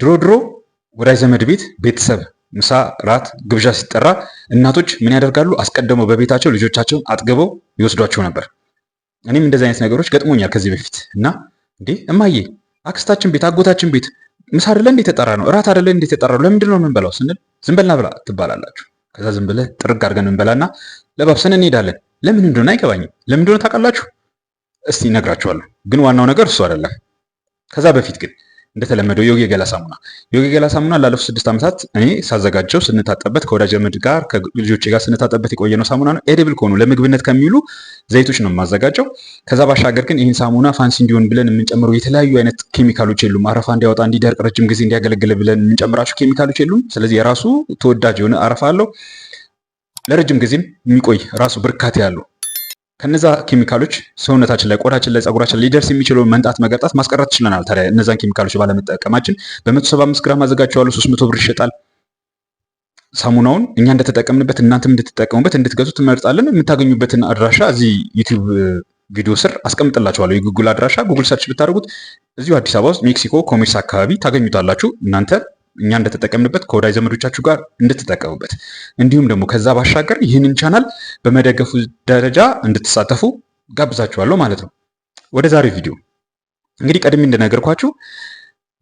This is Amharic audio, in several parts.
ድሮ ድሮ ወዳጅ ዘመድ ቤት ቤተሰብ ምሳ፣ ራት፣ ግብዣ ሲጠራ እናቶች ምን ያደርጋሉ? አስቀድመው በቤታቸው ልጆቻቸውን አጥግበው ይወስዷቸው ነበር። እኔም እንደዚህ አይነት ነገሮች ገጥሞኛል ከዚህ በፊት እና እንዴ እማዬ፣ አክስታችን ቤት፣ አጎታችን ቤት ምሳ አደለ እንዴ ተጠራ ነው? እራት አደለ እንዴ ተጠራ ነው? ለምንድን ነው የምንበላው ስንል ዝም በልና ብላ ትባላላችሁ። ከዛ ዝም ብለህ ጥርግ አድርገን እንበላና ለባብሰን እንሄዳለን። ለምን እንደሆነ አይገባኝም። ለምን እንደሆነ ታውቃላችሁ? እስቲ እነግራችኋለሁ። ግን ዋናው ነገር እሱ አይደለም። ከዛ በፊት ግን እንደተለመደው ዮጊ የገላ ሳሙና ዮጊ የገላ ሳሙና ላለፉት ስድስት ዓመታት እኔ ሳዘጋጀው ስንታጠበት ከወዳጅ ዘመድ ጋር ከልጆች ጋር ስንታጠበት የቆየ ነው ሳሙና ነው። ኤዲብል ከሆኑ ለምግብነት ከሚውሉ ዘይቶች ነው የማዘጋጀው። ከዛ ባሻገር ግን ይህን ሳሙና ፋንሲ እንዲሆን ብለን የምንጨምረው የተለያዩ አይነት ኬሚካሎች የሉም። አረፋ እንዲያወጣ፣ እንዲደርቅ፣ ረጅም ጊዜ እንዲያገለግል ብለን የምንጨምራቸው ኬሚካሎች የሉም። ስለዚህ የራሱ ተወዳጅ የሆነ አረፋ አለው። ለረጅም ጊዜም የሚቆይ ራሱ ብርካት ያለው ከነዛ ኬሚካሎች ሰውነታችን ላይ ቆዳችን ላይ ጸጉራችን ላይ ሊደርስ የሚችለውን መንጣት መገርጣት ማስቀረት ችለናል። ታዲያ እነዛን ኬሚካሎች ባለመጠቀማችን በ175 ግራም አዘጋጅቼዋለሁ። 300 ብር ይሸጣል። ሳሙናውን እኛ እንደተጠቀምንበት እናንተም እንድትጠቀሙበት እንድትገዙ ትመርጣለን። የምታገኙበትን አድራሻ እዚህ ዩቲዩብ ቪዲዮ ስር አስቀምጥላችኋለሁ። የጉግል አድራሻ ጉግል ሰርች ብታደርጉት እዚሁ አዲስ አበባ ውስጥ ሜክሲኮ ኮሜርስ አካባቢ ታገኙታላችሁ እናንተ እኛ እንደተጠቀምንበት ከወዳጅ ዘመዶቻችሁ ጋር እንድትጠቀሙበት እንዲሁም ደግሞ ከዛ ባሻገር ይህንን ቻናል በመደገፉ ደረጃ እንድትሳተፉ ጋብዛችኋለሁ ማለት ነው። ወደ ዛሬው ቪዲዮ እንግዲህ ቀድሜ እንደነገርኳችሁ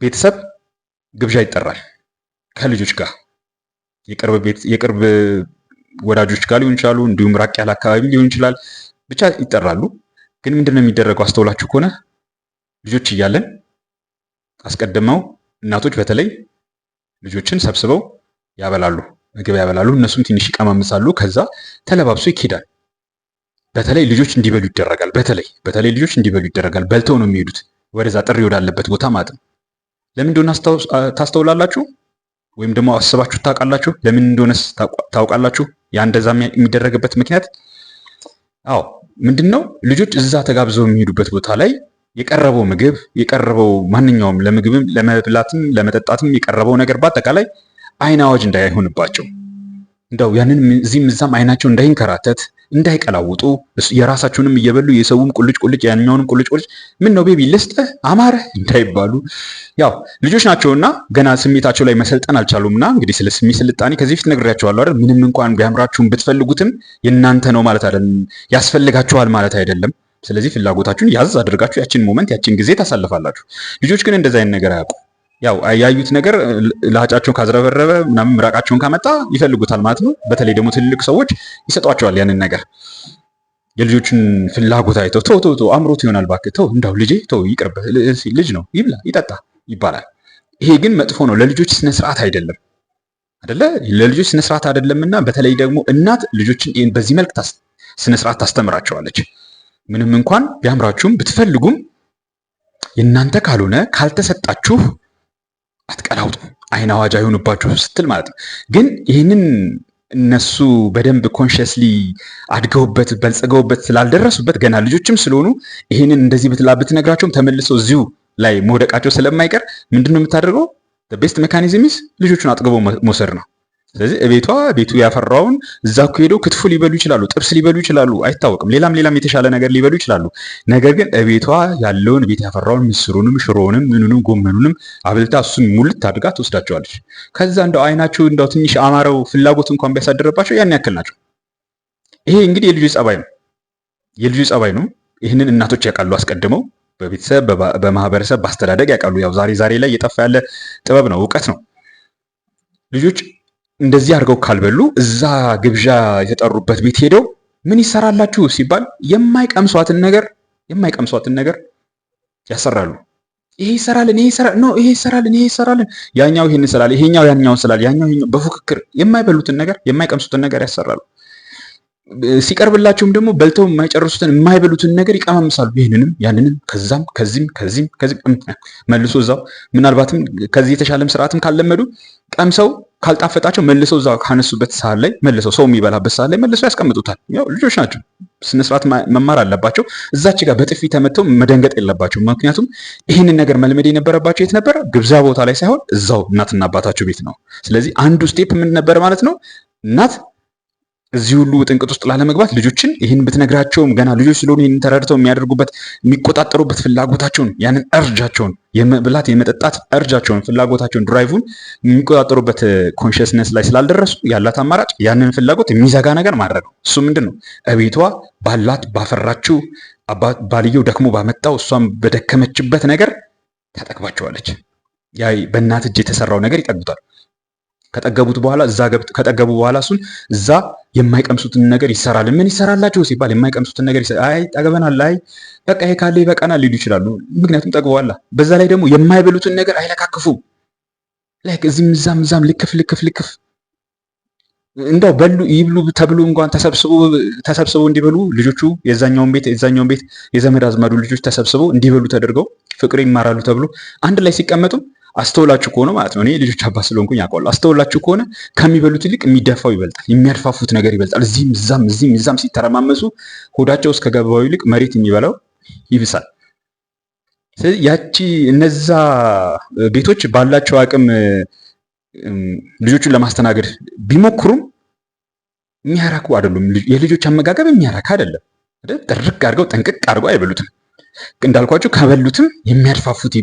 ቤተሰብ ግብዣ ይጠራል ከልጆች ጋር የቅርብ ወዳጆች ጋር ሊሆን ይችላሉ፣ እንዲሁም ራቅ ያለ አካባቢ ሊሆን ይችላል። ብቻ ይጠራሉ። ግን ነው የሚደረገው? አስተውላችሁ ከሆነ ልጆች እያለን አስቀድመው እናቶች በተለይ ልጆችን ሰብስበው ያበላሉ፣ ምግብ ያበላሉ። እነሱም ትንሽ ይቀማምሳሉ። ከዛ ተለባብሶ ይኬዳል። በተለይ ልጆች እንዲበሉ ይደረጋል። በተለይ በተለይ ልጆች እንዲበሉ ይደረጋል። በልተው ነው የሚሄዱት ወደዛ ጥሪ ወዳለበት ቦታ ማለት ነው። ለምን እንደሆነ ታስተውላላችሁ ወይም ደግሞ አስባችሁ ታውቃላችሁ? ለምን እንደሆነስ ታውቃላችሁ? ያ እንደዛ የሚደረግበት ምክንያት አዎ ምንድን ነው? ልጆች እዛ ተጋብዘው የሚሄዱበት ቦታ ላይ የቀረበው ምግብ የቀረበው ማንኛውም ለምግብም ለመብላትም ለመጠጣትም የቀረበው ነገር በአጠቃላይ አይን አዋጅ እንዳይሆንባቸው እንደው ያንን እዚህም እዛም አይናቸው እንዳይንከራተት እንዳይቀላውጡ የራሳቸውንም እየበሉ የሰውም ቁልጭ ቁልጭ ያኛውንም ቁልጭ ቁልጭ ምን ነው ቤቢ ልስጥህ አማረ እንዳይባሉ ያው ልጆች ናቸውና ገና ስሜታቸው ላይ መሰልጠን አልቻሉምና እንግዲህ ስለ ስሜት ስልጣኔ ከዚህ ፊት ነግሬያቸዋለሁ አይደል ምንም እንኳን ቢያምራችሁም ብትፈልጉትም የእናንተ ነው ማለት አይደለም ያስፈልጋችኋል ማለት አይደለም ስለዚህ ፍላጎታችሁን ያዝ አድርጋችሁ ያችን ሞመንት ያችን ጊዜ ታሳልፋላችሁ። ልጆች ግን እንደዛ አይነት ነገር አያውቁ። ያው ያዩት ነገር ላጫቸውን ካዝረበረበ ምናምን ምራቃቸውን ካመጣ ይፈልጉታል ማለት ነው። በተለይ ደግሞ ትልልቅ ሰዎች ይሰጧቸዋል ያንን ነገር የልጆችን ፍላጎት አይተው ተው ተው ተው አምሮት ይሆናል እባክህ ተው እንዳው ልጄ ተው ይቅርበት ልጅ ነው ይብላ ይጠጣ ይባላል። ይሄ ግን መጥፎ ነው። ለልጆች ስነስርዓት አይደለም አደለ ለልጆች ስነስርዓት አይደለምና በተለይ ደግሞ እናት ልጆችን በዚህ መልክ ስነስርዓት ታስተምራቸዋለች። ምንም እንኳን ቢያምራችሁም ብትፈልጉም የእናንተ ካልሆነ ካልተሰጣችሁ አትቀላውጡ፣ አይን አዋጅ አይሆንባችሁ ስትል ማለት ነው። ግን ይህንን እነሱ በደንብ ኮንሽስሊ አድገውበት በልጸገውበት ስላልደረሱበት ገና ልጆችም ስለሆኑ ይህንን እንደዚህ ብትላ ብትነግራቸውም ተመልሰው እዚሁ ላይ መውደቃቸው ስለማይቀር ምንድን ነው የምታደርገው? ቤስት ሜካኒዝም ልጆቹን አጥግቦ መውሰድ ነው። ስለዚህ እቤቷ ቤቱ ያፈራውን እዛ እኮ ሄደው ክትፎ ሊበሉ ይችላሉ፣ ጥብስ ሊበሉ ይችላሉ፣ አይታወቅም። ሌላም ሌላም የተሻለ ነገር ሊበሉ ይችላሉ። ነገር ግን እቤቷ ያለውን ቤት ያፈራውን ምስሩንም፣ ሽሮንም፣ ምኑንም፣ ጎመኑንም አብልታ እሱን ሙልት አድርጋ ትወስዳቸዋለች። ከዛ እንደው አይናቸው እንደው ትንሽ አማረው ፍላጎት እንኳን ቢያሳደረባቸው ያን ያክል ናቸው። ይሄ እንግዲህ የልጁ ጸባይ ነው፣ የልጁ ጸባይ ነው። ይህንን እናቶች ያውቃሉ አስቀድመው በቤተሰብ በማህበረሰብ በአስተዳደግ ያውቃሉ። ያው ዛሬ ዛሬ ላይ እየጠፋ ያለ ጥበብ ነው፣ እውቀት ነው። ልጆች እንደዚህ አድርገው ካልበሉ እዛ ግብዣ የተጠሩበት ቤት ሄደው ምን ይሰራላችሁ ሲባል የማይቀምሷትን ነገር የማይቀምሷትን ነገር ያሰራሉ። ይሄ ይሰራልን፣ ይሄ ነው፣ ይሄ ይሰራልን፣ ይሄ ይሰራልን፣ ያኛው ይሄን ይሰራል፣ ይሄኛው ያኛውን ይሰራል፣ ያኛው ይሄኛው በፉክክር የማይበሉትን ነገር የማይቀምሱትን ነገር ያሰራሉ። ሲቀርብላችሁም ደግሞ በልተው የማይጨርሱትን የማይበሉትን ነገር ይቀማምሳሉ። ይህንንም ያንንም ከዛም ከዚህም ከዚህም ከዚህም መልሶ እዛው ምናልባትም ከዚህ የተሻለም ስርዓትም ካለመዱ ቀምሰው ካልጣፈጣቸው መልሰው እዛው ካነሱበት ሳህን ላይ መልሰው ሰው የሚበላበት ሰዓት ላይ መልሰው ያስቀምጡታል። ያው ልጆች ናቸው፣ ስነስርዓት መማር አለባቸው። እዛች ጋር በጥፊ ተመተው መደንገጥ የለባቸው። ምክንያቱም ይህንን ነገር መልመድ የነበረባቸው የት ነበረ? ግብዣ ቦታ ላይ ሳይሆን እዛው እናትና አባታቸው ቤት ነው። ስለዚህ አንዱ ስቴፕ ምን ነበር ማለት ነው እናት እዚህ ሁሉ ጥንቅት ውስጥ ላለመግባት ልጆችን ይህን ብትነግራቸውም ገና ልጆች ስለሆኑ ይህን ተረድተው የሚያደርጉበት የሚቆጣጠሩበት ፍላጎታቸውን ያንን እርጃቸውን የመብላት የመጠጣት እርጃቸውን ፍላጎታቸውን ድራይቭን የሚቆጣጠሩበት ኮንሽስነስ ላይ ስላልደረሱ ያላት አማራጭ ያንን ፍላጎት የሚዘጋ ነገር ማድረግ ነው። እሱ ምንድን ነው? እቤቷ ባላት ባፈራችው ባልየው ደክሞ ባመጣው እሷም በደከመችበት ነገር ታጠግባቸዋለች። ያ በእናት እጅ የተሰራው ነገር ይጠግቷል። ከጠገቡት በኋላ እዛ ገብት ከጠገቡ በኋላ እሱን እዛ የማይቀምሱትን ነገር ይሰራል። ምን ይሰራላቸው ሲባል የማይቀምሱትን ነገር አይ ጠግበናል፣ አይ በቃ ይሄ ካለ ይበቃናል ሊሉ ይችላሉ። ምክንያቱም ጠግበዋላ። በዛ ላይ ደግሞ የማይበሉትን ነገር አይለካክፉም። ላይክ እዚህም እዛም እዛም ልክፍ ልክፍ ልክፍ እንደው በሉ ይብሉ ተብሎ እንኳን ተሰብስቡ ተሰብስቡ እንዲበሉ ልጆቹ የዛኛውን ቤት የዛኛውን ቤት የዘመድ አዝማዱ ልጆች ተሰብስበው እንዲበሉ ተደርገው ፍቅር ይማራሉ ተብሎ አንድ ላይ ሲቀመጡም አስተውላችሁ ከሆነ ማለት ነው እኔ ልጆች አባት ስለሆንኩኝ ያውቃሉ። አስተውላችሁ ከሆነ ከሚበሉት ይልቅ የሚደፋው ይበልጣል፣ የሚያድፋፉት ነገር ይበልጣል። እዚህም እዛም እዚህም እዛም ሲተረማመሱ ሆዳቸው እስከ ገባው ይልቅ መሬት የሚበላው ይብሳል። ስለዚህ ያቺ እነዛ ቤቶች ባላቸው አቅም ልጆቹን ለማስተናገድ ቢሞክሩም የሚያረኩ አይደሉም። የልጆች አመጋገብ የሚያረካ አይደለም። ጥርቅ አድርገው ጠንቅቅ አድርገው አይበሉትም። እንዳልኳቸው ከበሉትም የሚያድፋፉት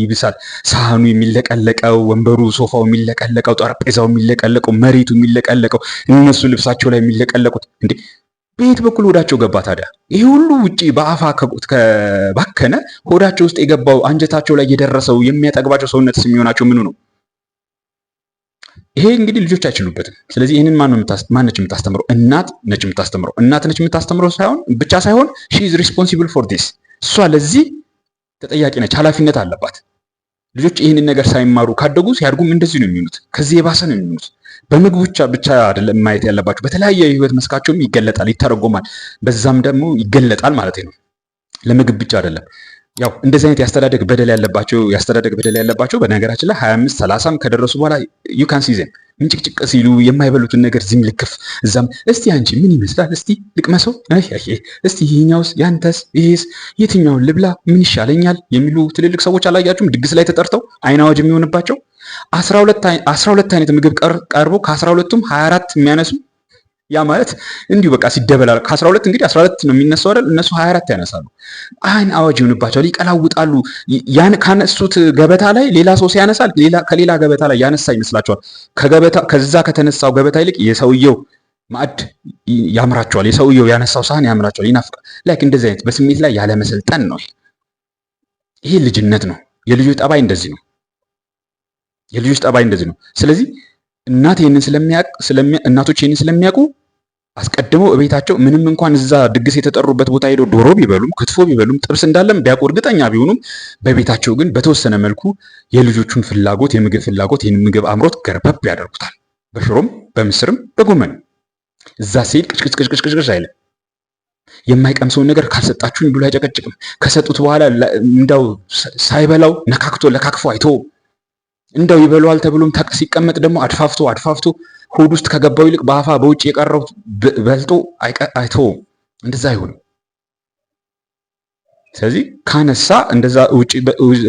ይብሳል። ሳህኑ የሚለቀለቀው፣ ወንበሩ ሶፋው የሚለቀለቀው፣ ጠረጴዛው የሚለቀለቀው፣ መሬቱ የሚለቀለቀው፣ እነሱ ልብሳቸው ላይ የሚለቀለቁት እንዴ በየት በኩል ሆዳቸው ገባ ታዲያ? ይህ ሁሉ ውጪ በአፋ ከባከነ ሆዳቸው ውስጥ የገባው አንጀታቸው ላይ የደረሰው የሚያጠግባቸው ሰውነት የሚሆናቸው ምኑ ነው? ይሄ እንግዲህ ልጆች አይችሉበትም። ስለዚህ ይህንን ማን ነች የምታስተምረው? እናት ነች የምታስተምረው። እናት ነች የምታስተምረው ሳይሆን ብቻ ሳይሆን ሺ ኢዝ ሪስፖንሲብል ፎር ዲስ እሷ ለዚህ ተጠያቂ ነች፣ ኃላፊነት አለባት። ልጆች ይህንን ነገር ሳይማሩ ካደጉ ሲያድጉም እንደዚህ ነው የሚሆኑት፣ ከዚህ የባሰ ነው የሚሆኑት። በምግብ ብቻ ብቻ አይደለም ማየት ያለባቸው፣ በተለያየ የህይወት መስካቸውም ይገለጣል፣ ይተረጎማል፣ በዛም ደግሞ ይገለጣል ማለት ነው። ለምግብ ብቻ አይደለም። ያው እንደዚህ አይነት ያስተዳደግ በደል ያለባቸው ያስተዳደግ በደል ያለባቸው በነገራችን ላይ 25 30 ከደረሱ በኋላ ዩ ካን ሲዘም ምንጭቅጭቅ ሲሉ የማይበሉትን ነገር ዝም ልክፍ እዛም እስቲ አንቺ ምን ይመስላል እስቲ ልቅመሰው እስቲ ይሄኛውስ ያንተስ ይሄስ የትኛውን ልብላ ምን ይሻለኛል የሚሉ ትልልቅ ሰዎች አላያችሁም ድግስ ላይ ተጠርተው አይን አዋጅ የሚሆንባቸው 12 12 አይነት ምግብ ቀርቦ ከ12ቱም 24 የሚያነሱ ያ ማለት እንዲሁ በቃ ሲደበላል ከ12 እንግዲህ 12 ነው የሚነሳው አይደል? እነሱ 24 ያነሳሉ። አይን አዋጅ ይሆንባቸዋል፣ ይቀላውጣሉ። ያን ካነሱት ገበታ ላይ ሌላ ሰው ሲያነሳል ከሌላ ገበታ ላይ ያነሳ ይመስላቸዋል። ከዛ ከተነሳው ገበታ ይልቅ የሰውየው ማዕድ ያምራቸዋል። የሰውየው ያነሳው ሳህን ያምራቸዋል፣ ይናፍቃል። ላይክ እንደዚህ አይነት በስሜት ላይ ያለመሰልጠን ነው። ይሄ ልጅነት ነው። የልጆች ጠባይ እንደዚህ ነው። የልጆች ጠባይ እንደዚህ ነው። ስለዚህ እናት ይህንን ስለሚያውቅ እናቶች ይህንን ስለሚያውቁ አስቀድመው እቤታቸው ምንም እንኳን እዛ ድግስ የተጠሩበት ቦታ ሄደው ዶሮ ቢበሉም ክትፎ ቢበሉም ጥብስ እንዳለም ቢያውቁ እርግጠኛ ቢሆኑም በቤታቸው ግን በተወሰነ መልኩ የልጆቹን ፍላጎት የምግብ ፍላጎት ይህን ምግብ አምሮት ገርበብ ያደርጉታል። በሽሮም በምስርም በጎመን እዛ ሲሄድ ቅጭቅጭቅጭቅጭቅጭ አይልም። የማይቀምሰውን ነገር ካልሰጣችሁኝ ብሎ አይጨቀጭቅም። ከሰጡት በኋላ እንዳው ሳይበላው ነካክቶ ለካክፎ አይተውም። እንደው ይበሏል ተብሎም ሲቀመጥ ደግሞ አድፋፍቶ አድፋፍቶ ሆድ ውስጥ ከገባው ይልቅ በአፋ በውጭ የቀረው በልጦ አይቶ እንደዛ አይሆንም። ስለዚህ ካነሳ እንደዛ ውጭ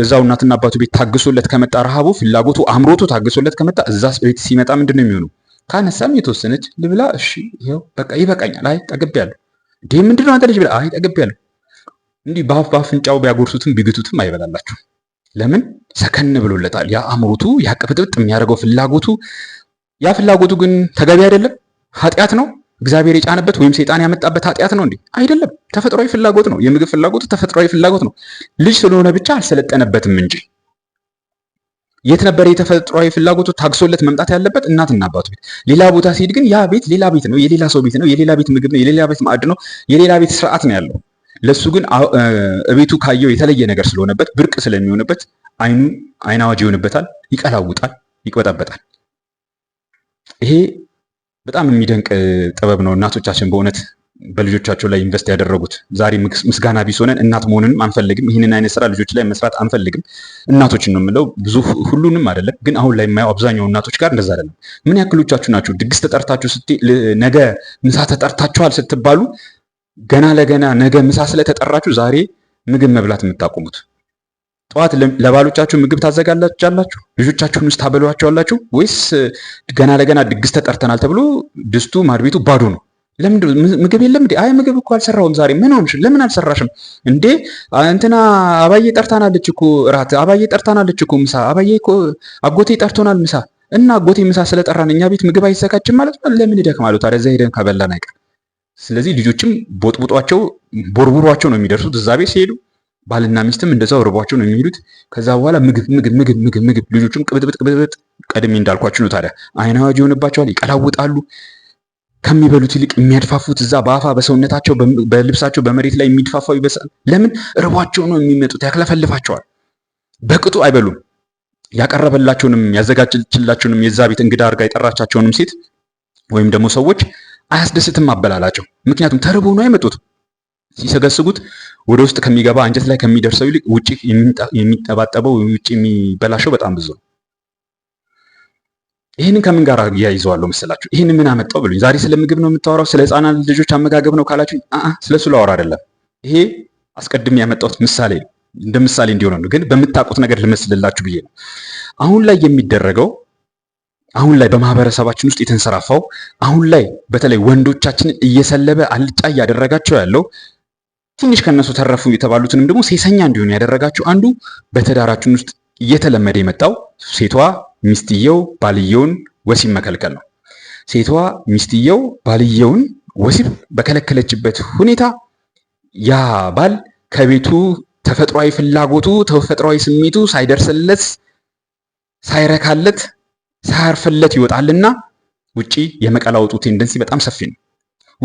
እዛው እናትና አባቱ ቤት ታግሶለት ከመጣ ረሃቡ ፍላጎቱ አምሮቱ ታግሶለት ከመጣ እዛ ቤት ሲመጣ ምንድን ነው የሚሆኑ? ካነሳም የተወሰነች ልብላ፣ እሺ ይኸው በቃ ይበቃኛል፣ አይ ጠግቤያለሁ። እንዲህ ምንድን ነው አንተ ልጅ ብላ፣ አይ ጠግቤያለሁ። እንዲህ በአፍ በአፍንጫው ቢያጎርሱትም ቢግቱትም አይበላላችሁም። ለምን ሰከን ብሎለታል። ያ አምሮቱ ያ ቅብጥብጥ የሚያደርገው ፍላጎቱ ያ ፍላጎቱ ግን ተገቢ አይደለም፣ ኃጢአት ነው። እግዚአብሔር የጫነበት ወይም ሰይጣን ያመጣበት ኃጢአት ነው እንዴ? አይደለም፣ ተፈጥሯዊ ፍላጎት ነው። የምግብ ፍላጎቱ ተፈጥሯዊ ፍላጎት ነው። ልጅ ስለሆነ ብቻ አልሰለጠነበትም እንጂ የት ነበር የተፈጥሯዊ ፍላጎቱ ታግሶለት መምጣት ያለበት? እናትና አባቱ ቤት። ሌላ ቦታ ሲሄድ ግን ያ ቤት ሌላ ቤት ነው፣ የሌላ ሰው ቤት ነው፣ የሌላ ቤት ምግብ ነው፣ የሌላ ቤት ማዕድ ነው፣ የሌላ ቤት ስርዓት ነው ያለው። ለሱ ግን እቤቱ ካየው የተለየ ነገር ስለሆነበት ብርቅ ስለሚሆንበት አይኑ አይን አዋጅ ይሆንበታል፣ ይቀላውጣል፣ ይቅበጠበጣል። ይሄ በጣም የሚደንቅ ጥበብ ነው። እናቶቻችን በእውነት በልጆቻቸው ላይ ኢንቨስት ያደረጉት ዛሬ ምስጋና ቢስ ሆነን እናት መሆንንም አንፈልግም። ይህንን አይነት ስራ ልጆች ላይ መስራት አንፈልግም። እናቶችን ነው የምለው፣ ብዙ ሁሉንም አይደለም ግን፣ አሁን ላይ የማየው አብዛኛው እናቶች ጋር እንደዛ አይደለም። ምን ያክሎቻችሁ ናችሁ ድግስ ተጠርታችሁ ነገ ምሳ ተጠርታችኋል ስትባሉ ገና ለገና ነገ ምሳ ስለተጠራችሁ ዛሬ ምግብ መብላት የምታቆሙት? ጠዋት ለባሎቻችሁ ምግብ ታዘጋጃላችሁ? ልጆቻችሁን ውስጥ ታበሏቸዋላችሁ? ወይስ ገና ለገና ድግስ ተጠርተናል ተብሎ ድስቱ ማድቤቱ ባዶ ነው? ለምንድን ምግብ የለም እንዴ? አይ ምግብ እኮ አልሰራሁም ዛሬ። ምን ሆንሽ? ለምን አልሰራሽም እንዴ? እንትና አባዬ ጠርታናለች እኮ እራት፣ አባዬ ጠርታናለች እኮ ምሳ፣ አባዬ እኮ አጎቴ ጠርቶናል ምሳ። እና አጎቴ ምሳ ስለጠራን እኛ ቤት ምግብ አይዘጋጅም ማለት ነው? ለምን ይደክማሉ ታዲያ? እዚያ ሄደን ከበላን አይቀር ስለዚህ ልጆችም ቦጥቦጧቸው ቦርቡሯቸው ነው የሚደርሱት እዛ ቤት ሲሄዱ። ባልና ሚስትም እንደዛው ርቧቸው ነው የሚሄዱት። ከዛ በኋላ ምግብ ምግብ ምግብ ምግብ ምግብ ልጆቹም ቅብጥብጥ ቅብጥብጥ ቀድሜ እንዳልኳችሁ ነው። ታዲያ አይን አዋጅ ይሆንባቸዋል፣ ይቀላውጣሉ። ከሚበሉት ይልቅ የሚያድፋፉት እዛ በአፋ በሰውነታቸው በልብሳቸው በመሬት ላይ የሚድፋፋው ይበሳል። ለምን ርቧቸው ነው የሚመጡት። ያክለፈልፋቸዋል። በቅጡ አይበሉም። ያቀረበላቸውንም ያዘጋጅችላቸውንም የዛ ቤት እንግዳ አድርጋ የጠራቻቸውንም ሴት ወይም ደግሞ ሰዎች አያስደስትም አበላላቸው። ምክንያቱም ተርቦ ነው የመጡት። ሲሰገስጉት ወደ ውስጥ ከሚገባ አንጀት ላይ ከሚደርሰው ይልቅ ውጭ የሚጠባጠበው ውጭ የሚበላሸው በጣም ብዙ ነው። ይህንን ከምን ጋር እያይዘዋለሁ መሰላችሁ? ይህን ምን አመጣው ብሎኝ፣ ዛሬ ስለ ምግብ ነው የምታወራው፣ ስለ ህፃናት ልጆች አመጋገብ ነው ካላችሁ ስለሱ ላወራ አይደለም። ይሄ አስቀድሜ ያመጣሁት ምሳሌ እንደ ምሳሌ እንዲሆነ ነው፣ ግን በምታውቁት ነገር ልመስልላችሁ ብዬ ነው። አሁን ላይ የሚደረገው አሁን ላይ በማህበረሰባችን ውስጥ የተንሰራፋው አሁን ላይ በተለይ ወንዶቻችንን እየሰለበ አልጫ እያደረጋቸው ያለው ትንሽ ከነሱ ተረፉ የተባሉትንም ደግሞ ሴሰኛ እንዲሆኑ ያደረጋቸው አንዱ በትዳራችን ውስጥ እየተለመደ የመጣው ሴቷ ሚስትየው ባልየውን ወሲብ መከልከል ነው። ሴቷ ሚስትየው ባልየውን ወሲብ በከለከለችበት ሁኔታ ያ ባል ከቤቱ ተፈጥሯዊ ፍላጎቱ ተፈጥሯዊ ስሜቱ ሳይደርስለት ሳይረካለት ሳያርፍለት ይወጣልና ውጪ የመቀላወጡ ቴንደንሲ በጣም ሰፊ ነው።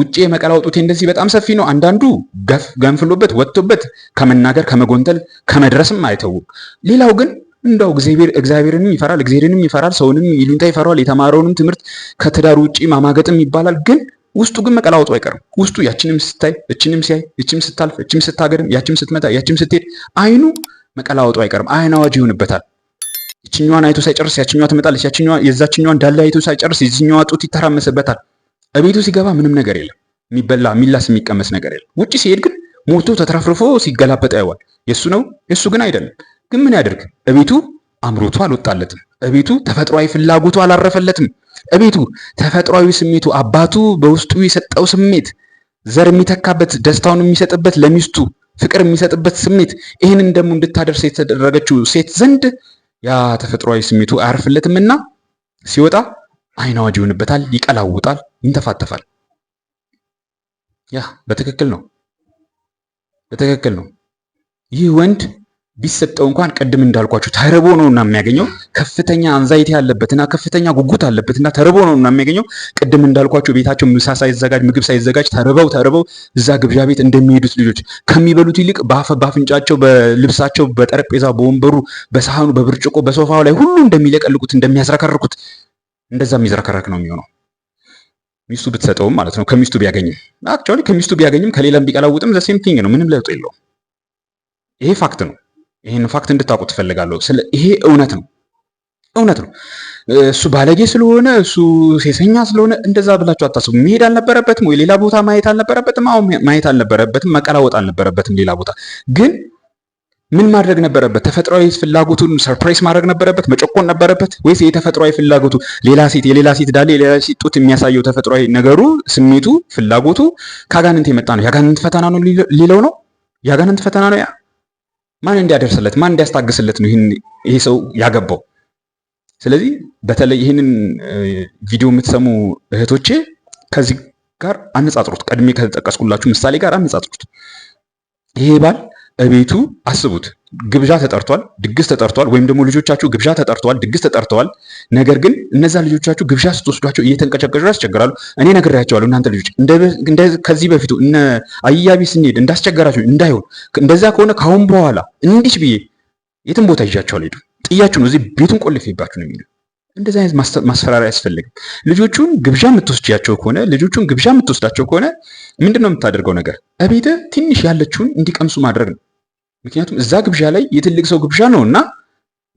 ውጪ የመቀላወጡ ቴንደንሲ በጣም ሰፊ ነው። አንዳንዱ ገንፍሎበት ወጥቶበት ከመናገር ከመጎንተል ከመድረስም አይተውም። ሌላው ግን እንደው እግዚአብሔርንም ይፈራል፣ እግዚአብሔርንም ይፈራል፣ ሰውንም ይሉንታ ይፈራዋል። የተማረውንም ትምህርት ከትዳር ውጪ ማማገጥም ይባላል። ግን ውስጡ ግን መቀላወጡ አይቀርም። ውስጡ ያችንም ስታይ፣ እችንም ሲያይ፣ እችም ስታልፍ፣ እችም ስታገድም፣ ያችም ስትመጣ ያችም ስትሄድ አይኑ መቀላወጡ አይቀርም። አይን አዋጅ ይሆንበታል። ይችኛዋን አይቶ ሳይጨርስ ያችኛዋ ትመጣለች። ያችኛዋ የዛችኛዋን እንዳለ አይቶ ሳይጨርስ የዚህኛዋ ጡት ይተራመስበታል። እቤቱ ሲገባ ምንም ነገር የለም፣ የሚበላ የሚላስ የሚቀመስ ነገር የለም። ውጭ ሲሄድ ግን ሞቶ ተትረፍርፎ ሲገላበጥ ያየዋል። የእሱ ነው የእሱ ግን አይደለም። ግን ምን ያደርግ? እቤቱ አምሮቱ አልወጣለትም። እቤቱ ተፈጥሯዊ ፍላጎቱ አላረፈለትም። እቤቱ ተፈጥሯዊ ስሜቱ አባቱ በውስጡ የሰጠው ስሜት ዘር የሚተካበት ደስታውን የሚሰጥበት ለሚስቱ ፍቅር የሚሰጥበት ስሜት ይህንን ደግሞ እንድታደርስ የተደረገችው ሴት ዘንድ ያ ተፈጥሯዊ ስሜቱ አያርፍለትም እና ሲወጣ አይን አዋጅ ይሆንበታል፣ ይቀላውጣል፣ ይንተፋተፋል። ያ በትክክል ነው፣ በትክክል ነው። ይህ ወንድ ቢሰጠው እንኳን ቅድም እንዳልኳቸው ተርቦ እና የሚያገኘው። ከፍተኛ አንዛይቲ ያለበትና ከፍተኛ ጉጉት አለበትና ተርቦ እና የሚያገኘው። ቅድም እንዳልኳቸው ቤታቸው ምሳ ሳይዘጋጅ ምግብ ሳይዘጋጅ ተርበው ተርበው እዛ ግብዣ ቤት እንደሚሄዱት ልጆች ከሚበሉት ይልቅ በአፍንጫቸው፣ በልብሳቸው፣ በጠረጴዛ፣ በወንበሩ፣ በሳህኑ፣ በብርጭቆ፣ በሶፋው ላይ ሁሉ እንደሚለቀልቁት እንደሚያዝረከርኩት እንደዛ የሚዝረከረክ ነው የሚሆነው ሚስቱ ብትሰጠውም ማለት ነው። ከሚስቱ ቢያገኝም አክቹዋሊ ከሚስቱ ቢያገኝም ከሌላም ቢቀላውጥም ዘሴም ቲንግ ነው። ምንም ለውጥ የለውም። ይሄ ፋክት ነው። ይህን ፋክት እንድታውቁ ትፈልጋለሁ። ይሄ እውነት ነው፣ እውነት ነው። እሱ ባለጌ ስለሆነ እሱ ሴሰኛ ስለሆነ እንደዛ ብላችሁ አታስቡ። መሄድ አልነበረበትም ወይ ሌላ ቦታ ማየት አልነበረበትም? አሁን ማየት አልነበረበትም፣ መቀላወጥ አልነበረበትም ሌላ ቦታ። ግን ምን ማድረግ ነበረበት? ተፈጥሯዊ ፍላጎቱን ሰርፕራይዝ ማድረግ ነበረበት? መጨቆን ነበረበት? ወይስ የተፈጥሯዊ ፍላጎቱ ሌላ ሴት የሌላ ሴት ዳሌ የሌላ ሴት ጡት የሚያሳየው ተፈጥሯዊ ነገሩ፣ ስሜቱ፣ ፍላጎቱ ከአጋንንት የመጣ ነው፣ የአጋንንት ፈተና ነው ሊለው ነው። የአጋንንት ፈተና ነው ያ ማን እንዲያደርስለት ማን እንዲያስታግስለት ነው ይሄ ሰው ያገባው? ስለዚህ በተለይ ይህንን ቪዲዮ የምትሰሙ እህቶቼ ከዚህ ጋር አነጻጽሩት። ቀድሜ ከተጠቀስኩላችሁ ምሳሌ ጋር አነጻጽሩት። ይሄ ባል እቤቱ አስቡት ግብዣ ተጠርቷል፣ ድግስ ተጠርቷል፣ ወይም ደግሞ ልጆቻችሁ ግብዣ ተጠርተዋል፣ ድግስ ተጠርተዋል። ነገር ግን እነዛ ልጆቻችሁ ግብዣ ስትወስዷቸው እየተንቀጨቀጩ ያስቸግራሉ። እኔ ነግሬያቸዋለሁ። እናንተ ልጆች ከዚህ በፊቱ እነ አያቢ ስንሄድ እንዳስቸገራቸው እንዳይሆን፣ እንደዛ ከሆነ ካሁን በኋላ እንዲች ብዬ የትም ቦታ ይዣቸው አልሄድም፣ ጥያችሁ ነው እዚህ ቤቱን ቆልፌባችሁ ነው የሚሉ እንደዚህ አይነት ማስፈራሪያ አያስፈልግም። ልጆቹን ግብዣ የምትወስዳቸው ከሆነ ልጆቹን ግብዣ የምትወስዳቸው ከሆነ ምንድን ነው የምታደርገው ነገር እቤትህ ትንሽ ያለችውን እንዲቀምሱ ማድረግ ነው። ምክንያቱም እዛ ግብዣ ላይ የትልቅ ሰው ግብዣ ነው እና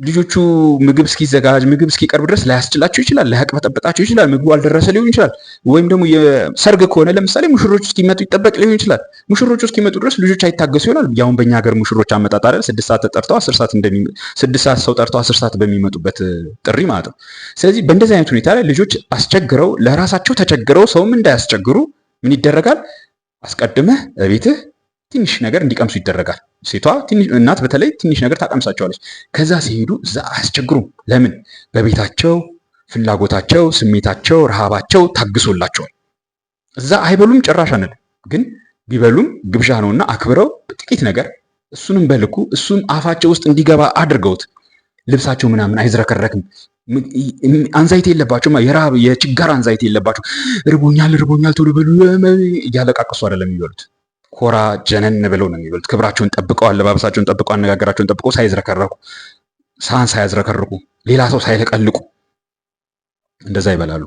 ልጆቹ ምግብ እስኪዘጋጅ ምግብ እስኪቀርብ ድረስ ላያስችላቸው ይችላል፣ ላያቅበጠበጣቸው ይችላል። ምግቡ አልደረሰ ሊሆን ይችላል። ወይም ደግሞ የሰርግ ከሆነ ለምሳሌ ሙሽሮች እስኪመጡ ይጠበቅ ሊሆን ይችላል። ሙሽሮቹ እስኪመጡ ድረስ ልጆች አይታገሱ ይሆናል። ያሁን በእኛ ሀገር ሙሽሮች አመጣጥ አይደል ስድስት ሰዓት ተጠርተው አስር ሰዓት ስድስት ሰዓት ሰው ጠርተው አስር ሰዓት በሚመጡበት ጥሪ ማለት ነው። ስለዚህ በእንደዚህ አይነት ሁኔታ ላይ ልጆች አስቸግረው ለራሳቸው ተቸግረው ሰውም እንዳያስቸግሩ ምን ይደረጋል? አስቀድመህ ቤትህ ትንሽ ነገር እንዲቀምሱ ይደረጋል። ሴቷ እናት በተለይ ትንሽ ነገር ታቀምሳቸዋለች። ከዛ ሲሄዱ እዛ አያስቸግሩም። ለምን? በቤታቸው ፍላጎታቸው፣ ስሜታቸው፣ ረሃባቸው ታግሶላቸዋል። እዛ አይበሉም ጭራሽ አንል፣ ግን ቢበሉም ግብዣ ነውና አክብረው ጥቂት ነገር እሱንም በልኩ እሱም አፋቸው ውስጥ እንዲገባ አድርገውት ልብሳቸው ምናምን አይዝረከረክም። አንዛይት የለባቸው፣ የረሃብ የችጋር አንዛይት የለባቸው። ርቦኛል፣ ርቦኛል ቶሎ በሉ እያለቃቀሱ አይደለም የሚበሉት ኮራ ጀነን ብለው ነው የሚበሉት። ክብራቸውን ጠብቀው፣ አለባበሳቸውን ጠብቀው፣ አነጋገራቸውን ጠብቀው ሳይዝረከረኩ፣ ሳህን ሳያዝረከርኩ፣ ሌላ ሰው ሳይለቀልቁ እንደዛ ይበላሉ።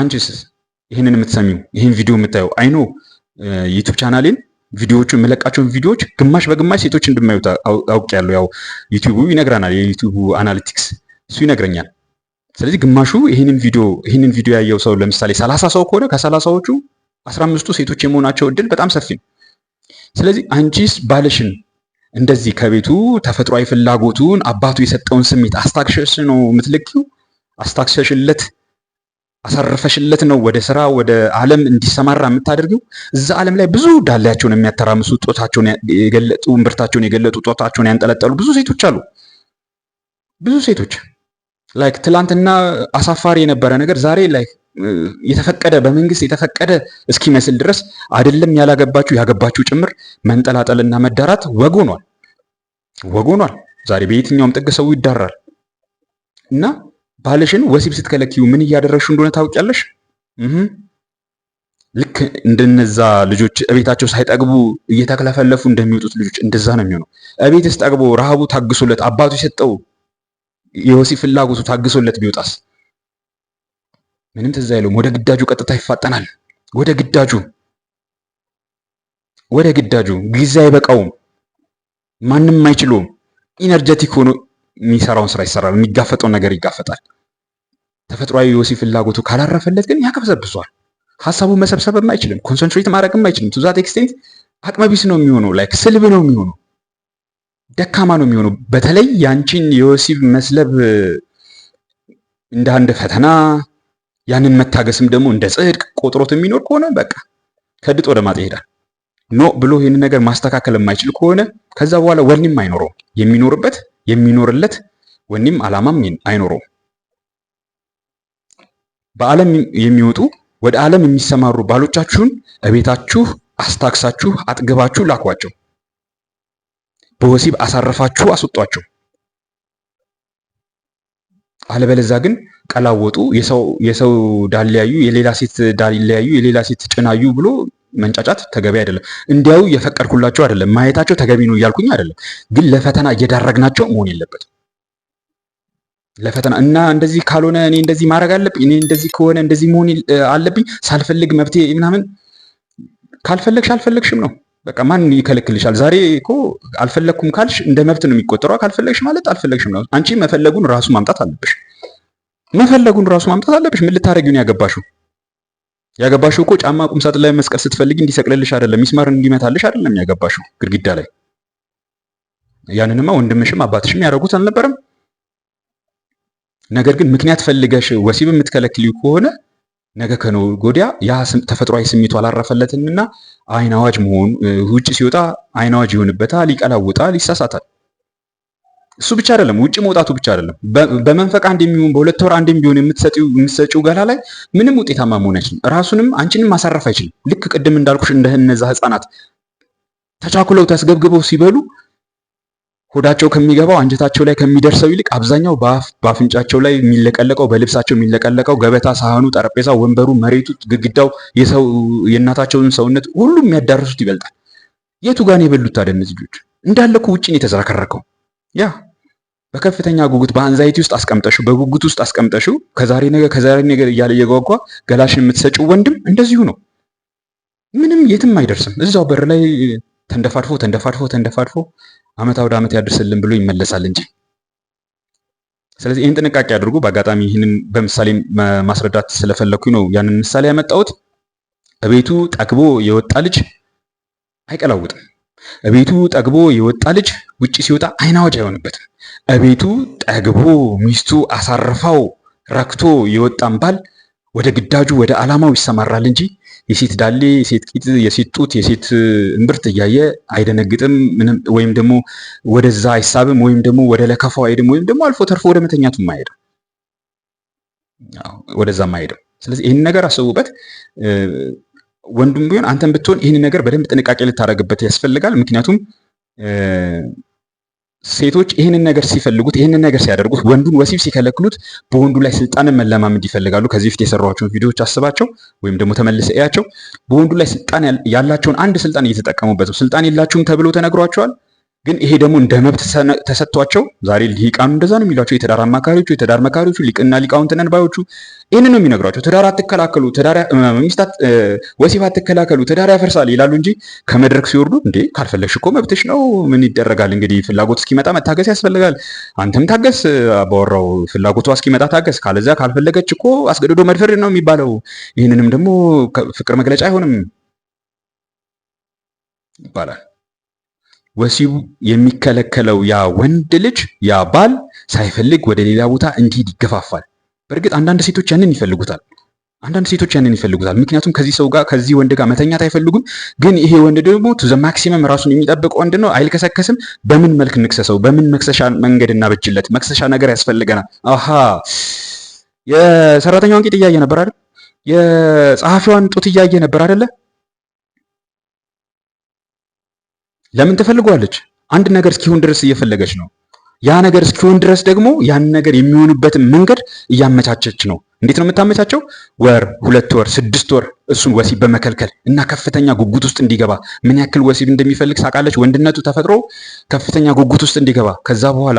አንቺስ ይህንን የምትሰሚው ይህን ቪዲዮ የምታየው አይኖ ዩቱብ ቻናሌን ቪዲዮዎቹ የምለቃቸውን ቪዲዮዎች ግማሽ በግማሽ ሴቶች እንድማዩት ያለው ያው ዩቱቡ ይነግረናል፣ የዩቱቡ አናሊቲክስ እሱ ይነግረኛል። ስለዚህ ግማሹ ይህንን ቪዲዮ ይህንን ቪዲዮ ያየው ሰው ለምሳሌ ሰላሳ ሰው ከሆነ ከሰላሳዎቹ አስራ አምስቱ ሴቶች የመሆናቸው እድል በጣም ሰፊ ነው። ስለዚህ አንቺስ ባልሽን እንደዚህ ከቤቱ ተፈጥሯዊ ፍላጎቱን አባቱ የሰጠውን ስሜት አስታክሸሽ ነው የምትልኪው። አስታክሸሽለት አሳርፈሽለት ነው ወደ ስራ ወደ ዓለም እንዲሰማራ የምታደርጊው። እዛ ዓለም ላይ ብዙ ዳላያቸውን የሚያተራምሱ ጦታቸውን የገለጡ እምብርታቸውን የገለጡ ጦታቸውን ያንጠለጠሉ ብዙ ሴቶች አሉ። ብዙ ሴቶች ላይክ ትላንትና አሳፋሪ የነበረ ነገር ዛሬ ላይክ የተፈቀደ በመንግስት የተፈቀደ እስኪመስል ድረስ አይደለም ያላገባችሁ ያገባችሁ ጭምር መንጠላጠልና መዳራት ወግ ሆኗል፣ ወግ ሆኗል። ዛሬ በየትኛውም ጥግ ሰው ይዳራል እና ባልሽን ወሲብ ስትከለኪዩ ምን እያደረግሽ እንደሆነ ታውቂያለሽ። ልክ እንደነዛ ልጆች እቤታቸው ሳይጠግቡ እየተክለፈለፉ እንደሚወጡት ልጆች እንደዛ ነው የሚሆነው። እቤትስ ጠግቦ ረሃቡ ታግሶለት አባቱ የሰጠው የወሲብ ፍላጎቱ ታግሶለት ቢወጣስ ምንም ትዝ አይለውም። ወደ ግዳጁ ቀጥታ ይፋጠናል። ወደ ግዳጁ ወደ ግዳጁ ጊዜ አይበቃውም። ማንም አይችለውም። ኢነርጀቲክ ሆኖ የሚሰራውን ስራ ይሰራል። የሚጋፈጠውን ነገር ይጋፈጣል። ተፈጥሯዊ የወሲብ ፍላጎቱ ካላረፈለት ግን ያቀብሰብሷል። ሀሳቡን መሰብሰብም አይችልም። ኮንሰንትሬት ማድረግም አይችልም። ቱዛት ኤክስቴንት አቅመቢስ ነው የሚሆነው። ላይክ ስልብ ነው የሚሆነው። ደካማ ነው የሚሆነው። በተለይ ያንቺን የወሲብ መስለብ እንደ አንድ ፈተና ያንን መታገስም ደግሞ እንደ ጽድቅ ቆጥሮት የሚኖር ከሆነ በቃ ከድጥ ወደ ማጥ ይሄዳል። ኖ ብሎ ይህንን ነገር ማስተካከል የማይችል ከሆነ ከዛ በኋላ ወኔም አይኖረውም። የሚኖርበት የሚኖርለት ወኔም አላማም አይኖረውም። በዓለም የሚወጡ ወደ ዓለም የሚሰማሩ ባሎቻችሁን እቤታችሁ አስታክሳችሁ አጥግባችሁ ላኳቸው፣ በወሲብ አሳረፋችሁ አስወጧቸው። አለበለዛ ግን ቀላወጡ የሰው ዳል ሊያዩ የሌላ ሴት ዳል ሊያዩ የሌላ ሴት ጭናዩ ብሎ መንጫጫት ተገቢ አይደለም። እንዲያዩ የፈቀድኩላቸው አይደለም፣ ማየታቸው ተገቢ ነው እያልኩኝ አይደለም። ግን ለፈተና እየዳረግናቸው መሆን የለበትም። ለፈተና እና እንደዚህ ካልሆነ እኔ እንደዚህ ማድረግ አለብኝ፣ እኔ እንደዚህ ከሆነ እንደዚህ መሆን አለብኝ፣ ሳልፈልግ መብቴ ምናምን። ካልፈለግሽ አልፈለግሽም ነው በቃ ማን ይከለክልሻል? ዛሬ እኮ አልፈለግኩም ካልሽ እንደ መብት ነው የሚቆጠረው። ካልፈለግሽ ማለት አልፈለግሽም ነው። አንቺ መፈለጉን ራሱ ማምጣት አለብሽ። መፈለጉን ራሱ ማምጣት አለብሽ። ምን ልታረጊውን ያገባሽው ያገባሽው እኮ ጫማ ቁም ሳጥን ላይ መስቀል ስትፈልጊ እንዲሰቅልልሽ አይደለም፣ ሚስማር እንዲመታልሽ አይደለም ያገባሽው ግድግዳ ላይ። ያንንማ ወንድምሽም አባትሽም ያደረጉት አልነበረም። ነገር ግን ምክንያት ፈልገሽ ወሲብ የምትከለክል ከሆነ ነገ ከነው ጎዲያ ያ ተፈጥሯዊ ስሜቱ አላረፈለትምና አይን አዋጅ መሆኑ ውጭ ሲወጣ አይን አዋጅ ይሆንበታል፣ ይቀላውጣል፣ ይሳሳታል። እሱ ብቻ አይደለም፣ ውጭ መውጣቱ ብቻ አይደለም። በመንፈቅ አንድ የሚሆን በሁለት ወር አንድ የሚሆን የምትሰጪው ገላ ላይ ምንም ውጤታማ መሆን አይችልም። ራሱንም አንቺንም ማሳረፍ አይችልም። ልክ ቅድም እንዳልኩሽ እንደ እነዛ ህፃናት ተቻኩለው ተስገብግበው ሲበሉ ሆዳቸው ከሚገባው አንጀታቸው ላይ ከሚደርሰው ይልቅ አብዛኛው በአፍንጫቸው ላይ የሚለቀለቀው በልብሳቸው የሚለቀለቀው ገበታ፣ ሳህኑ፣ ጠረጴዛ፣ ወንበሩ፣ መሬቱ፣ ግድግዳው፣ የሰው የእናታቸውን ሰውነት ሁሉ የሚያዳርሱት ይበልጣል። የቱ ጋን የበሉት ታዲያ እነዚህ ልጆች እንዳለኩ ውጭ ነው የተዝረከረከው። ያ በከፍተኛ ጉጉት በአንዛይቲ ውስጥ አስቀምጠሽው በጉጉት ውስጥ አስቀምጠሽው ከዛሬ ነገር ከዛሬ ነገር እያለ እየጓጓ ገላሽን የምትሰጭው ወንድም እንደዚሁ ነው። ምንም የትም አይደርስም። እዛው በር ላይ ተንደፋድፎ ተንደፋድፎ ተንደፋድፎ ዓመት ወደ ዓመት ያደርስልን ብሎ ይመለሳል እንጂ። ስለዚህ ይህን ጥንቃቄ አድርጉ። በአጋጣሚ ይህንን በምሳሌ ማስረዳት ስለፈለኩ ነው ያንን ምሳሌ ያመጣሁት። እቤቱ ጠግቦ የወጣ ልጅ አይቀላውጥም። እቤቱ ጠግቦ የወጣ ልጅ ውጭ ሲወጣ አይን አዋጅ አይሆንበትም። እቤቱ ጠግቦ ሚስቱ አሳርፋው ረክቶ የወጣም ባል ወደ ግዳጁ ወደ ዓላማው ይሰማራል እንጂ የሴት ዳሌ፣ የሴት ቂጥ፣ የሴት ጡት፣ የሴት እምብርት እያየ አይደነግጥም። ምንም ወይም ደግሞ ወደዛ አይሳብም፣ ወይም ደግሞ ወደ ለከፋው አይሄድም፣ ወይም ደግሞ አልፎ ተርፎ ወደ መተኛቱም አይሄድም፣ ወደዛም አይሄድም። ስለዚህ ይህን ነገር አስቡበት። ወንዱም ቢሆን አንተም ብትሆን ይህን ነገር በደንብ ጥንቃቄ ልታደርግበት ያስፈልጋል። ምክንያቱም ሴቶች ይህንን ነገር ሲፈልጉት ይህንን ነገር ሲያደርጉት ወንዱን ወሲብ ሲከለክሉት በወንዱ ላይ ስልጣንን መለማመድ ይፈልጋሉ። ከዚህ በፊት የሰራኋቸውን ቪዲዮዎች አስባቸው ወይም ደግሞ ተመልሰ እያቸው። በወንዱ ላይ ስልጣን ያላቸውን አንድ ስልጣን እየተጠቀሙበት ነው። ስልጣን የላችሁም ተብሎ ተነግሯቸዋል። ግን ይሄ ደግሞ እንደ መብት ተሰጥቷቸው ዛሬ ሊቃኑ እንደዛ ነው የሚሏቸው። የትዳር አማካሪዎቹ፣ የትዳር መካሪዎቹ፣ ሊቅና ሊቃውንት ነን ይህን ነው የሚነግሯቸው። ትዳር አትከላከሉ፣ ወሲብ አትከላከሉ፣ ትዳር ያፈርሳል ይላሉ እንጂ ከመድረክ ሲወርዱ እንዴ ካልፈለግሽ እኮ መብትሽ ነው። ምን ይደረጋል እንግዲህ ፍላጎት እስኪመጣ መታገስ ያስፈልጋል። አንተም ታገስ፣ አባወራው ፍላጎቷ እስኪመጣ ታገስ። ካለዚያ ካልፈለገች እኮ አስገድዶ መድፈር ነው የሚባለው። ይህንንም ደግሞ ፍቅር መግለጫ አይሆንም ይባላል። ወሲቡ የሚከለከለው ያ ወንድ ልጅ ያ ባል ሳይፈልግ ወደ ሌላ ቦታ እንዲሄድ ይገፋፋል። በእርግጥ አንዳንድ ሴቶች ያንን ይፈልጉታል። አንዳንድ ሴቶች ያንን ይፈልጉታል። ምክንያቱም ከዚህ ሰው ጋር ከዚህ ወንድ ጋር መተኛት አይፈልጉም። ግን ይሄ ወንድ ደግሞ ቱ ዘ ማክሲመም ራሱን የሚጠብቅ ወንድ ነው። አይልከሰከስም። በምን መልክ እንክሰሰው? በምን መክሰሻ መንገድ እናበጅለት? መክሰሻ ነገር ያስፈልገናል። አሀ የሰራተኛዋን ቂጥ እያየ ነበር አይደል? የጸሐፊዋን ጡት እያየ ነበር አይደለ? ለምን ትፈልጓለች? አንድ ነገር እስኪሆን ድረስ እየፈለገች ነው። ያ ነገር እስኪሆን ድረስ ደግሞ ያን ነገር የሚሆንበትን መንገድ እያመቻቸች ነው። እንዴት ነው የምታመቻቸው? ወር፣ ሁለት ወር፣ ስድስት ወር እሱን ወሲብ በመከልከል እና ከፍተኛ ጉጉት ውስጥ እንዲገባ ምን ያክል ወሲብ እንደሚፈልግ ሳቃለች። ወንድነቱ ተፈጥሮ ከፍተኛ ጉጉት ውስጥ እንዲገባ ከዛ በኋላ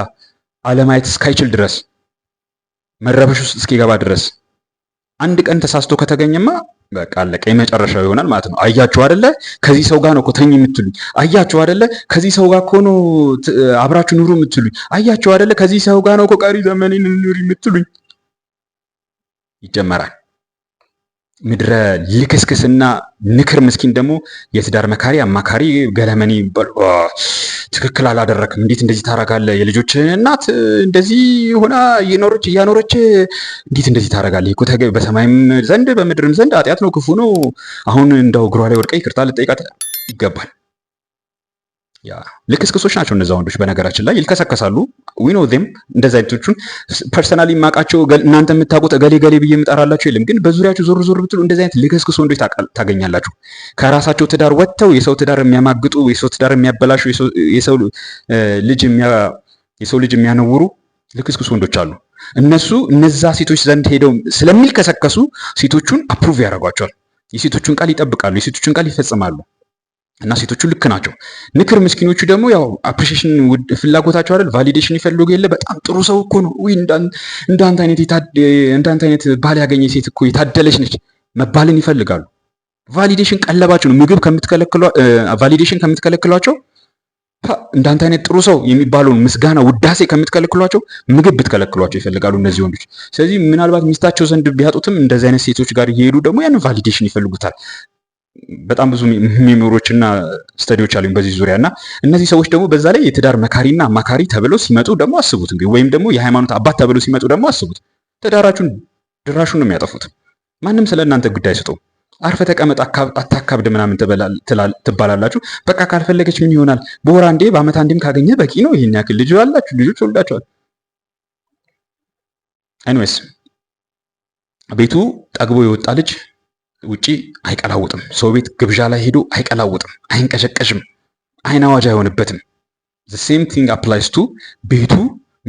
አለማየት እስካይችል ድረስ መረበሽ ውስጥ እስኪገባ ድረስ አንድ ቀን ተሳስቶ ከተገኘማ በቃ አለቀ። የመጨረሻው ይሆናል ማለት ነው። አያችሁ አይደለ? ከዚህ ሰው ጋር ነው ኮተኝ ተኝ የምትሉኝ። አያችሁ አይደለ? ከዚህ ሰው ጋር እኮ አብራችሁ ኑሩ የምትሉኝ። አያችሁ አይደለ? ከዚህ ሰው ጋር ነው እኮ ቀሪ ዘመኔን ኑሪ የምትሉኝ። ይጀመራል። ምድረ ልክስክስና ንክር ምስኪን ደግሞ የትዳር መካሪ አማካሪ ገለመኒ ትክክል አላደረክም። እንዴት እንደዚህ ታረጋለህ? የልጆች እናት እንደዚህ ሆና እየኖረች እያኖረች እንዴት እንደዚህ ታረጋለህ? ይኮ በሰማይም ዘንድ በምድርም ዘንድ ኃጢአት ነው፣ ክፉ ነው። አሁን እንደው እግሯ ላይ ወድቀ ይቅርታ ልጠይቃት ይገባል። ልክስክሶች ናቸው እነዛ ወንዶች። በነገራችን ላይ ይልከሰከሳሉ፣ ዊኖ ዜም እንደዚ አይነቶቹን ፐርሰናል የማውቃቸው እናንተ የምታውቁት እገሌ ገሌ ብዬ የምጠራላቸው የለም። ግን በዙሪያቸው ዞር ዞር ብትሉ እንደዚህ አይነት ልክስክስ ወንዶች ታገኛላችሁ። ከራሳቸው ትዳር ወጥተው የሰው ትዳር የሚያማግጡ፣ የሰው ትዳር የሚያበላሹ፣ የሰው ልጅ የሰው ልጅ የሚያነውሩ ልክስክስ ወንዶች አሉ። እነሱ እነዛ ሴቶች ዘንድ ሄደው ስለሚልከሰከሱ ሴቶቹን አፕሩቭ ያደርጓቸዋል። የሴቶቹን ቃል ይጠብቃሉ። የሴቶቹን ቃል ይፈጽማሉ። እና ሴቶቹ ልክ ናቸው። ንክር ምስኪኖቹ ደግሞ ያው አፕሪሺዬሽን ፍላጎታቸው አይደል ቫሊዴሽን ይፈልጉ የለ በጣም ጥሩ ሰው እኮ ነው ወይ እንዳንተ አይነት እንዳንተ አይነት ባል ያገኘ ሴት እኮ የታደለች ነች መባልን ይፈልጋሉ። ቫሊዴሽን ቀለባቸው ነው። ምግብ ከምትከለክሏ ቫሊዴሽን ከምትከለክሏቸው እንዳንተ አይነት ጥሩ ሰው የሚባለውን ምስጋና ውዳሴ ከምትከለክሏቸው ምግብ ብትከለክሏቸው ይፈልጋሉ እነዚህ ወንዶች። ስለዚህ ምናልባት ሚስታቸው ዘንድ ቢያጡትም እንደዚህ አይነት ሴቶች ጋር እየሄዱ ደግሞ ያን ቫሊዴሽን ይፈልጉታል። በጣም ብዙ ሚሞሮች እና ስተዲዎች አሉኝ በዚህ ዙሪያ እና እነዚህ ሰዎች ደግሞ በዛ ላይ የትዳር መካሪና አማካሪ ተብለው ሲመጡ ደግሞ አስቡት እንግዲህ ወይም ደግሞ የሃይማኖት አባት ተብለው ሲመጡ ደግሞ አስቡት። ትዳራችሁን ድራሹን ነው የሚያጠፉት። ማንም ስለ እናንተ ጉዳይ ስጡ አርፈ ተቀመጥ አታካብድ ምናምን ትባላላችሁ። በቃ ካልፈለገች ምን ይሆናል? በወር አንዴ በአመት አንዴም ካገኘ በቂ ነው። ይህን ያክል ልጅ አላችሁ፣ ልጆች ወልዳችኋል። ኤኒዌይስ ቤቱ ጠግቦ የወጣ ልጅ ውጪ አይቀላውጥም። ሰው ቤት ግብዣ ላይ ሄዶ አይቀላውጥም፣ አይንቀሸቀሽም፣ አይን አዋጅ አይሆንበትም። ሴም ቲንግ አፕላይስ ቱ ቤቱ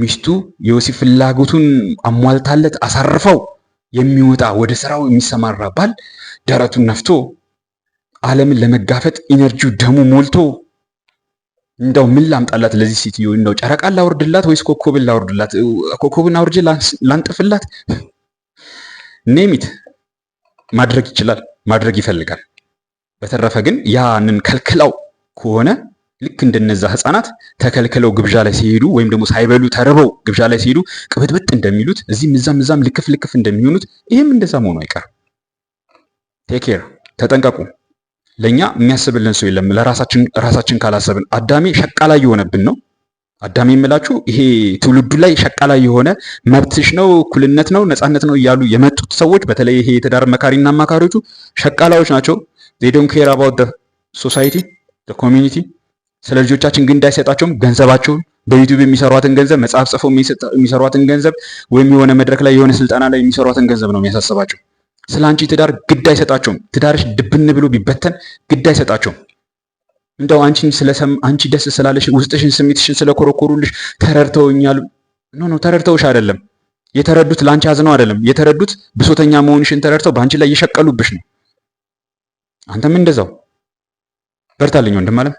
ሚስቱ የወሲብ ፍላጎቱን አሟልታለት አሳርፈው የሚወጣ ወደ ስራው የሚሰማራ ባል ደረቱን ነፍቶ ዓለምን ለመጋፈጥ ኢነርጂው ደሙ ሞልቶ እንደው ምን ላምጣላት ለዚህ ሴትዮ እንደው ጨረቃ ላውርድላት ወይስ ኮኮብን ላውርድላት? ኮኮብን አውርጄ ላንጥፍላት? ኔሚት ማድረግ ይችላል፣ ማድረግ ይፈልጋል። በተረፈ ግን ያንን ከልክላው ከሆነ ልክ እንደነዛ ህፃናት ተከልክለው ግብዣ ላይ ሲሄዱ ወይም ደግሞ ሳይበሉ ተርበው ግብዣ ላይ ሲሄዱ ቅብጥብጥ እንደሚሉት እዚህም እዛም እዛም ልክፍ ልክፍ እንደሚሆኑት ይህም እንደዛ መሆኑ አይቀርም። ቴክር ተጠንቀቁ። ለእኛ የሚያስብልን ሰው የለም። ለራሳችን ራሳችን ካላሰብን አዳሜ ሸቃላ እየሆነብን ነው። አዳሚ የምላችሁ ይሄ ትውልዱ ላይ ሸቃላ የሆነ መብትሽ ነው እኩልነት ነው ነፃነት ነው እያሉ የመጡት ሰዎች በተለይ ይሄ የትዳር መካሪና አማካሪዎቹ ሸቃላዎች ናቸው። ዶን ኬር አባውት ሶሳይቲ ኮሚኒቲ። ስለ ልጆቻችን ግን አይሰጣቸውም። ገንዘባቸውን በዩቲዩብ የሚሰሯትን ገንዘብ፣ መጽሐፍ ጽፎ የሚሰሯትን ገንዘብ ወይም የሆነ መድረክ ላይ የሆነ ስልጠና ላይ የሚሰሯትን ገንዘብ ነው የሚያሳስባቸው። ስለ አንቺ ትዳር ግድ አይሰጣቸውም። ትዳርሽ ድብን ብሎ ቢበተን ግድ አይሰጣቸውም። እንደው አንቺን ስለሰም አንቺ ደስ ስላለሽ ውስጥሽን ስሜትሽን ስለኮረኮሩልሽ ተረድተውኛል። ኖ ኖ ተረድተውሽ አይደለም የተረዱት ለአንቺ አዝነው አይደለም የተረዱት ብሶተኛ መሆንሽን ተረድተው በአንቺ ላይ እየሸቀሉብሽ ነው። አንተም እንደዛው በርታልኝ ወንድም አለም።